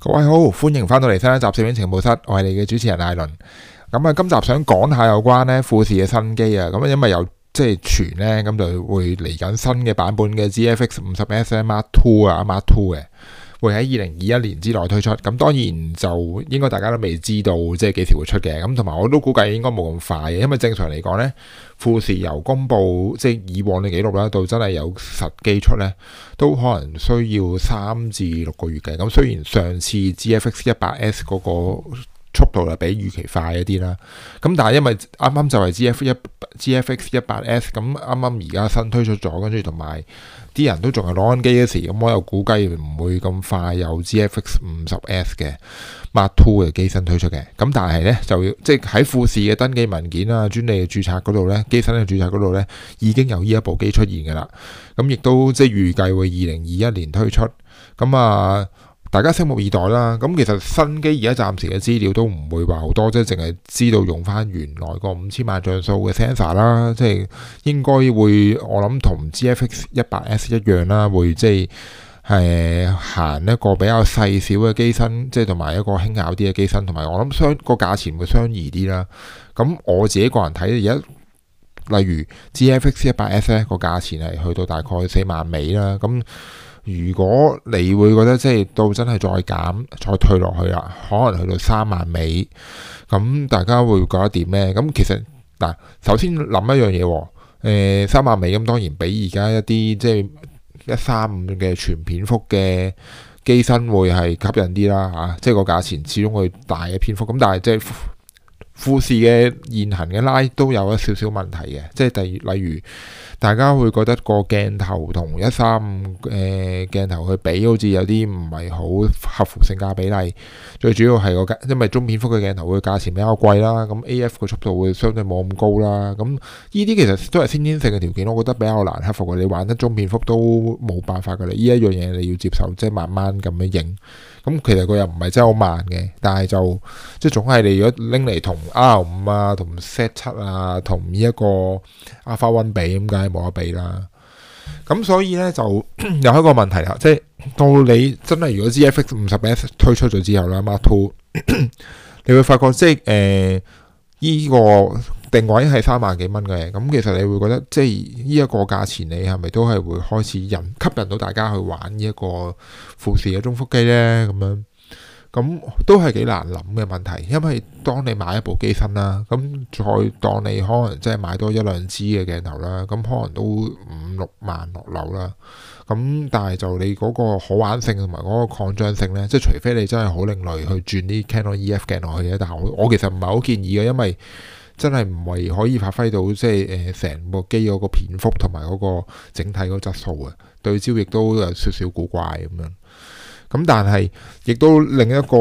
各位好，歡迎翻到嚟《新一集攝影情報室》，我係你嘅主持人艾倫。咁啊，今集想講下有關咧富士嘅新機啊，咁啊，因為有即係傳咧，咁就會嚟緊新嘅版本嘅 GFX 50S Mark II 啊，Mark II 嘅。會喺二零二一年之內推出，咁當然就應該大家都未知道即係幾時會出嘅，咁同埋我都估計應該冇咁快嘅，因為正常嚟講呢富士由公佈即係以往嘅記錄啦，到真係有實機出呢，都可能需要三至六個月嘅。咁雖然上次 GFX 一百 S 嗰、那個速度就比預期快一啲啦，咁但係因為啱啱就係 G F 一 G F X 一八 S 咁啱啱而家新推出咗，跟住同埋啲人都仲係攞緊機嘅時，咁我又估計唔會咁快有 G F X 五十 S 嘅 Mark Two 嘅機身推出嘅，咁但係呢，就要即係喺富士嘅登記文件啊、專利嘅註冊嗰度呢，機身嘅註冊嗰度呢，已經有呢一部機出現嘅啦，咁亦都即係預計會二零二一年推出，咁啊。大家拭目以待啦！咁其實新機而家暫時嘅資料都唔會話好多，即係淨係知道用翻原來個五千萬像素嘅 sensor 啦，即係應該會我諗同 GFX 一百 S 一樣啦，會即係行一個比較細小嘅機身，即係同埋一個輕巧啲嘅機身，同埋我諗相個價錢會相宜啲啦。咁我自己個人睇而家，例如 GFX 一百 S 呢個價錢係去到大概四萬美啦，咁。如果你會覺得即係到真係再減再退落去啦，可能去到三萬美，咁大家會覺得點呢？咁其實嗱，首先諗一樣嘢，誒、呃、三萬美咁當然比而家一啲即係一三五嘅全片幅嘅機身會係吸引啲啦嚇、啊，即係個價錢始終會大嘅片幅。咁但係即係。富士嘅現行嘅拉都有一少少問題嘅，即係例如，例如大家會覺得個鏡頭同一三五誒、呃、鏡頭去比，好似有啲唔係好合乎性價比例。最主要係個因為中片幅嘅鏡頭會價錢比較貴啦，咁 AF 嘅速度會相對冇咁高啦。咁呢啲其實都係先天性嘅條件，我覺得比較難克服嘅。你玩得中片幅都冇辦法㗎喇，呢一樣嘢你要接受，即係慢慢咁樣影。咁其實佢又唔係真係好慢嘅，但係就即係總係你如果拎嚟同 R 五啊、同 Set 七啊、同呢一個 Alpha One 比，咁梗係冇得比啦。咁所以咧就有一個問題啦，即係到你真係如果 GFX 五十 S 推出咗之後咧，Mark II 你會發覺即係誒依個。定位係三萬幾蚊嘅，咁、嗯、其實你會覺得即係呢一個價錢，你係咪都係會開始引吸引到大家去玩呢一個富士嘅中幅機呢？咁樣咁、嗯嗯、都係幾難諗嘅問題，因為當你買一部機身啦，咁、嗯、再當你可能即係買多一兩支嘅鏡頭啦，咁、嗯、可能都五六萬落樓啦。咁、嗯、但係就你嗰個好玩性同埋嗰個擴張性呢，即係除非你真係好另類去轉啲 Canon EF 鏡落去嘅，但係我我其實唔係好建議嘅，因為。真係唔係可以發揮到，即係誒，成部機嗰個片幅同埋嗰個整體個質素啊。 對焦亦都有少少古怪咁樣。咁但係亦都另一個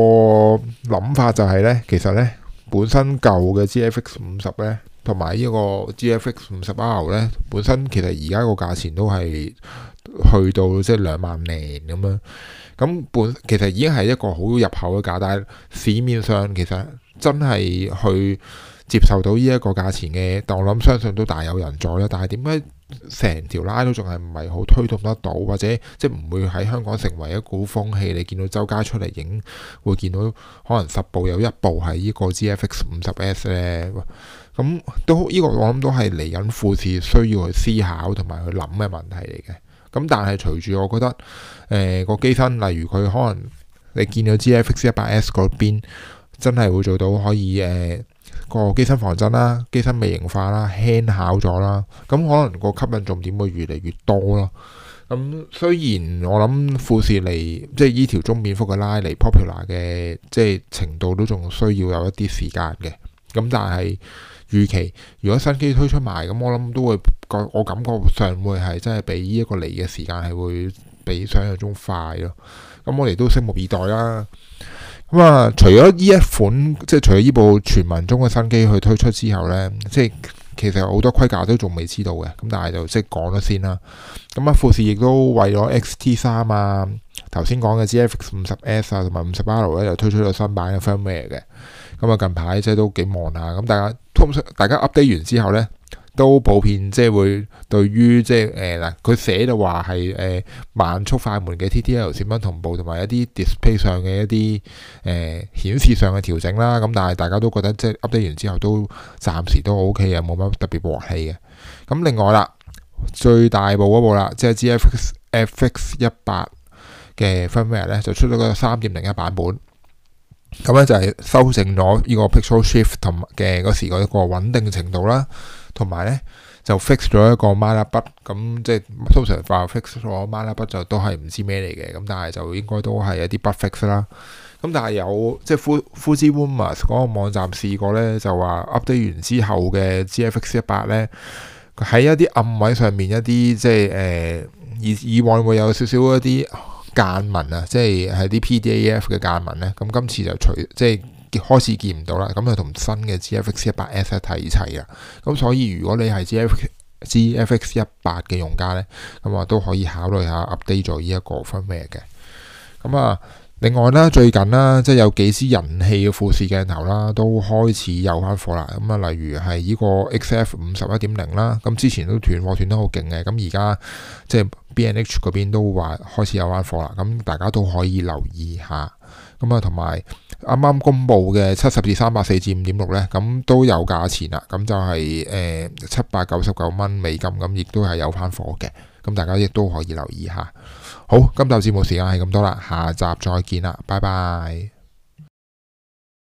諗法就係呢，其實呢本身舊嘅 G F X 五十呢，同埋呢個 G F X 五十 R 呢，本身其實而家個價錢都係去到即係兩萬零咁樣。咁本其實已經係一個好入口嘅價，但係市面上其實真係去。接受到呢一個價錢嘅，但我諗相信都大有人在啦。但係點解成條拉都仲係唔係好推動得到，或者即係唔會喺香港成為一股風氣？你見到周街出嚟影，會見到可能十部有一部係呢個 G F X 五十 S 呢。咁、嗯、都呢、這個我諗都係嚟緊富士需要去思考同埋去諗嘅問題嚟嘅。咁、嗯、但係隨住我覺得，誒、呃那個機身，例如佢可能你見到 G F X 一百 S 嗰邊真係會做到可以誒。呃個機身防震啦，機身微型化啦，輕巧咗啦，咁可能個吸引重點會越嚟越多咯。咁、嗯、雖然我諗富士尼即係依條中片幅嘅拉嚟 popular 嘅即係程度都仲需要有一啲時間嘅，咁、嗯、但係預期如果新機推出埋，咁、嗯、我諗都會個我感覺上會係真係比呢一個嚟嘅時間係會比想像中快咯。咁、嗯、我哋都拭目以待啦。咁啊、嗯，除咗呢一款，即係除咗呢部傳聞中嘅新機去推出之後呢，即係其實好多規格都仲未知道嘅，咁但係就即講咗先啦。咁啊，富士亦都為咗 X T 三啊，頭先講嘅 G F X 五十 S 啊，同埋五十 R 咧，又推出咗新版嘅 firmware 嘅。咁、嗯、啊，近排即係都幾忙啊。咁、嗯、大家大家 update 完之後呢。都普遍即係會對於即係誒嗱，佢、呃、寫到話係誒慢速快門嘅 TTL 閃燈同步，同埋一啲 display 上嘅一啲誒顯示上嘅調整啦。咁但係大家都覺得即係 update 完之後都暫時都 O K 嘅，冇乜特別和氣嘅。咁另外啦，最大部嗰部啦，即係 GFX FX 一百嘅 firmware 咧，就出咗個三點零一版本。咁咧就係修正咗呢個 pixel shift 同嘅嗰時嗰個穩定程度啦。同埋咧就 fix 咗一個馬拉筆，咁即係通常話 fix 咗馬拉筆就都係唔知咩嚟嘅，咁但係就應該都係一啲不 fix 啦。咁但係有即係富富士 Womans 嗰個網站試過咧，就話 update 完之後嘅 GFX 一百咧，喺一啲暗位上面一啲即係誒以以往會有少少一啲間紋啊，即係係啲 PDAF 嘅間紋咧，咁今次就除即係，就是開始見唔到啦，咁就同新嘅 GFX 一百 S 一睇齊啦，咁所以如果你係 GFX GFX 一百嘅用家呢，咁啊都可以考慮下 update 咗呢一個 firmware 嘅。咁啊，另外咧最近咧，即係有幾支人氣嘅富士鏡頭啦，都開始有翻貨啦。咁啊，例如係呢個 XF 五十一點零啦，咁之前都斷貨斷得好勁嘅，咁而家即係 B&H 嗰邊都話開始有翻貨啦，咁大家都可以留意下。咁啊，同埋。啱啱公布嘅七十至三百四至五點六呢，咁都有價錢啦，咁就係誒七百九十九蚊美金咁，亦都係有返貨嘅，咁大家亦都可以留意下。好，今集節目時間係咁多啦，下集再見啦，拜拜。